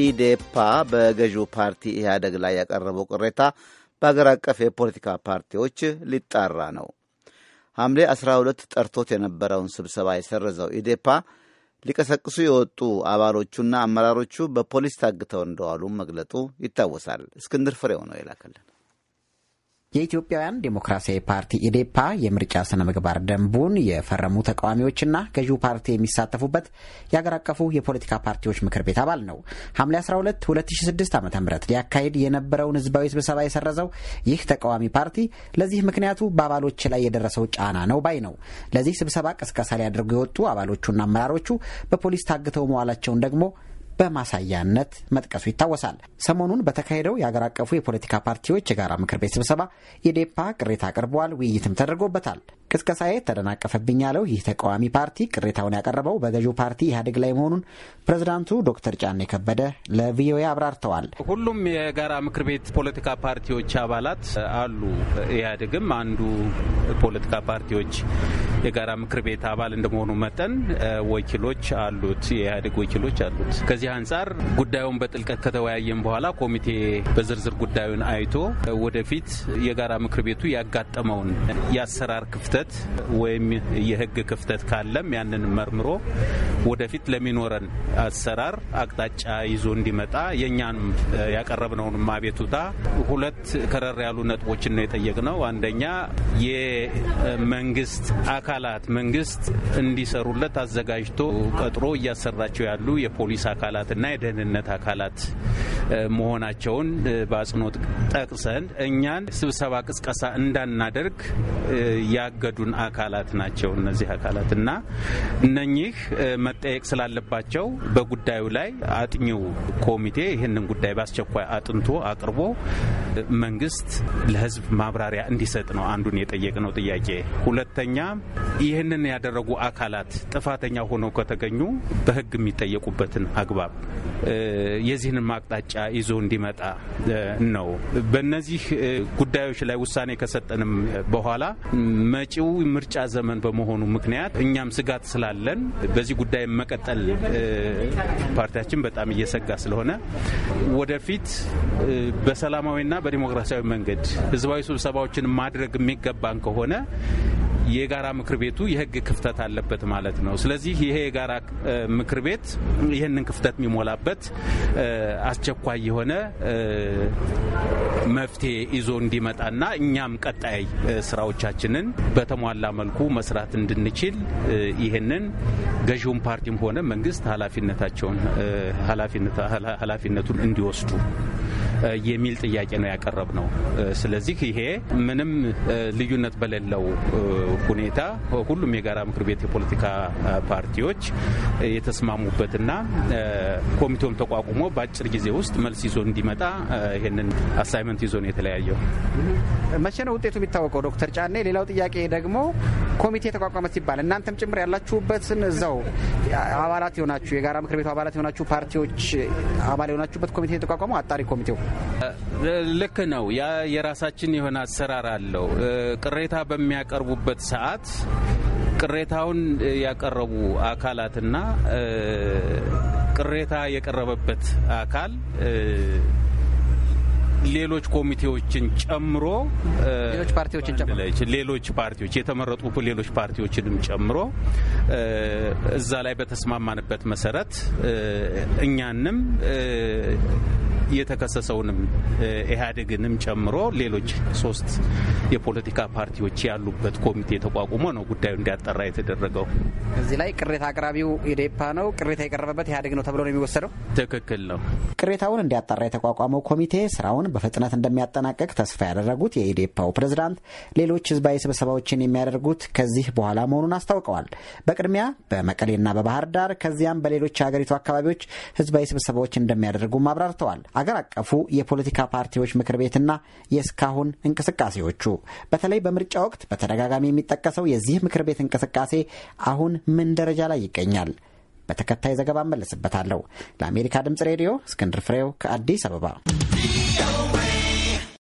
ኢዴፓ በገዢው ፓርቲ ኢህአደግ ላይ ያቀረበው ቅሬታ በአገር አቀፍ የፖለቲካ ፓርቲዎች ሊጣራ ነው። ሐምሌ 12 ጠርቶት የነበረውን ስብሰባ የሰረዘው ኢዴፓ ሊቀሰቅሱ የወጡ አባሎቹና አመራሮቹ በፖሊስ ታግተው እንደዋሉ መግለጡ ይታወሳል። እስክንድር ፍሬው ነው የላከልን። የኢትዮጵያውያን ዴሞክራሲያዊ ፓርቲ ኢዴፓ የምርጫ ስነ ምግባር ደንቡን የፈረሙ ተቃዋሚዎችና ገዢው ፓርቲ የሚሳተፉበት የአገር አቀፉ የፖለቲካ ፓርቲዎች ምክር ቤት አባል ነው። ሐምሌ 12 2006 ዓ ም ሊያካሄድ የነበረውን ህዝባዊ ስብሰባ የሰረዘው ይህ ተቃዋሚ ፓርቲ ለዚህ ምክንያቱ በአባሎች ላይ የደረሰው ጫና ነው ባይ ነው። ለዚህ ስብሰባ ቅስቀሳ ሊያደርጉ የወጡ አባሎቹና አመራሮቹ በፖሊስ ታግተው መዋላቸውን ደግሞ በማሳያነት መጥቀሱ ይታወሳል። ሰሞኑን በተካሄደው የአገር አቀፉ የፖለቲካ ፓርቲዎች የጋራ ምክር ቤት ስብሰባ የዴፓ ቅሬታ አቅርበዋል። ውይይትም ተደርጎበታል። ቅስቀሳዬ ተደናቀፈብኝ ያለው ይህ ተቃዋሚ ፓርቲ ቅሬታውን ያቀረበው በገዢው ፓርቲ ኢህአዴግ ላይ መሆኑን ፕሬዝዳንቱ ዶክተር ጫኔ ከበደ ለቪኦኤ አብራርተዋል። ሁሉም የጋራ ምክር ቤት ፖለቲካ ፓርቲዎች አባላት አሉ። ኢህአዴግም አንዱ ፖለቲካ ፓርቲዎች የጋራ ምክር ቤት አባል እንደመሆኑ መጠን ወኪሎች አሉት፣ የኢህአዴግ ወኪሎች አሉት። ከዚህ አንጻር ጉዳዩን በጥልቀት ከተወያየም በኋላ ኮሚቴ በዝርዝር ጉዳዩን አይቶ ወደፊት የጋራ ምክር ቤቱ ያጋጠመውን የአሰራር ክፍተት ወይም የህግ ክፍተት ካለም ያንን መርምሮ ወደፊት ለሚኖረን አሰራር አቅጣጫ ይዞ እንዲመጣ የእኛንም ያቀረብነውንም አቤቱታ ሁለት ከረር ያሉ ነጥቦችን ነው የጠየቅነው። አንደኛ የመንግስት አካል አካላት መንግስት እንዲሰሩለት አዘጋጅቶ ቀጥሮ እያሰራቸው ያሉ የፖሊስ አካላትና የደህንነት አካላት መሆናቸውን በአጽንኦት ጠቅሰን እኛን ስብሰባ ቅስቀሳ እንዳናደርግ ያገዱን አካላት ናቸው እነዚህ አካላት እና እነኚህ መጠየቅ ስላለባቸው በጉዳዩ ላይ አጥኚው ኮሚቴ ይህንን ጉዳይ በአስቸኳይ አጥንቶ አቅርቦ መንግስት ለህዝብ ማብራሪያ እንዲሰጥ ነው አንዱን የጠየቅነው ጥያቄ። ሁለተኛ ይህንን ያደረጉ አካላት ጥፋተኛ ሆነው ከተገኙ በህግ የሚጠየቁበትን አግባብ የዚህንም አቅጣጫ ይዞ እንዲመጣ ነው። በእነዚህ ጉዳዮች ላይ ውሳኔ ከሰጠንም በኋላ መጪው ምርጫ ዘመን በመሆኑ ምክንያት እኛም ስጋት ስላለን በዚህ ጉዳይ መቀጠል ፓርቲያችን በጣም እየሰጋ ስለሆነ ወደፊት በሰላማዊና በዲሞክራሲያዊ መንገድ ህዝባዊ ስብሰባዎችን ማድረግ የሚገባን ከሆነ የጋራ ምክር ቤቱ የህግ ክፍተት አለበት ማለት ነው። ስለዚህ ይሄ የጋራ ምክር ቤት ይህንን ክፍተት የሚሞላበት አስቸኳይ የሆነ መፍትሄ ይዞ እንዲመጣና እኛም ቀጣይ ስራዎቻችንን በተሟላ መልኩ መስራት እንድንችል ይህንን ገዢውን ፓርቲም ሆነ መንግስት ኃላፊነታቸውን ኃላፊነቱን እንዲወስዱ የሚል ጥያቄ ነው ያቀረብ ነው። ስለዚህ ይሄ ምንም ልዩነት በሌለው ሁኔታ ሁሉም የጋራ ምክር ቤት የፖለቲካ ፓርቲዎች የተስማሙበትና ኮሚቴውም ተቋቁሞ በአጭር ጊዜ ውስጥ መልስ ይዞ እንዲመጣ ይህንን አሳይመንት ይዞ ነው የተለያየው። መቼ ነው ውጤቱ የሚታወቀው? ዶክተር ጫኔ፣ ሌላው ጥያቄ ደግሞ ኮሚቴ ተቋቋመ ሲባል እናንተም ጭምር ያላችሁበትን እዛው አባላት የሆናችሁ የጋራ ምክር ቤቱ አባላት የሆናችሁ ፓርቲዎች አባል የሆናችሁበት ኮሚቴ የተቋቋመው አጣሪ ኮሚቴው ልክ ነው። ያ የራሳችን የሆነ አሰራር አለው። ቅሬታ በሚያቀርቡበት ሰዓት ቅሬታውን ያቀረቡ አካላትና ቅሬታ የቀረበበት አካል ሌሎች ኮሚቴዎችን ጨምሮ ሌሎች ፓርቲዎችን ጨምሮ ሌሎች ፓርቲዎች የተመረጡ ሌሎች ፓርቲዎችንም ጨምሮ እዛ ላይ በተስማማንበት መሰረት እኛንም የተከሰሰውንም ኢህአዴግንም ጨምሮ ሌሎች ሶስት የፖለቲካ ፓርቲዎች ያሉበት ኮሚቴ ተቋቁሞ ነው ጉዳዩ እንዲያጠራ የተደረገው። እዚህ ላይ ቅሬታ አቅራቢው ኢዴፓ ነው፣ ቅሬታ የቀረበበት ኢህአዴግ ነው ተብሎ ነው የሚወሰደው። ትክክል ነው። ቅሬታውን እንዲያጠራ የተቋቋመው ኮሚቴ ስራውን በፍጥነት እንደሚያጠናቀቅ ተስፋ ያደረጉት የኢዴፓው ፕሬዝዳንት ሌሎች ህዝባዊ ስብሰባዎችን የሚያደርጉት ከዚህ በኋላ መሆኑን አስታውቀዋል። በቅድሚያ በመቀሌና በባህር ዳር ከዚያም በሌሎች የሀገሪቱ አካባቢዎች ህዝባዊ ስብሰባዎች እንደሚያደርጉም አብራርተዋል። አገር አቀፉ የፖለቲካ ፓርቲዎች ምክር ቤትና የእስካሁን እንቅስቃሴዎቹ በተለይ በምርጫ ወቅት በተደጋጋሚ የሚጠቀሰው የዚህ ምክር ቤት እንቅስቃሴ አሁን ምን ደረጃ ላይ ይገኛል? በተከታይ ዘገባ እመለስበታለሁ። ለአሜሪካ ድምፅ ሬዲዮ እስክንድር ፍሬው ከአዲስ አበባ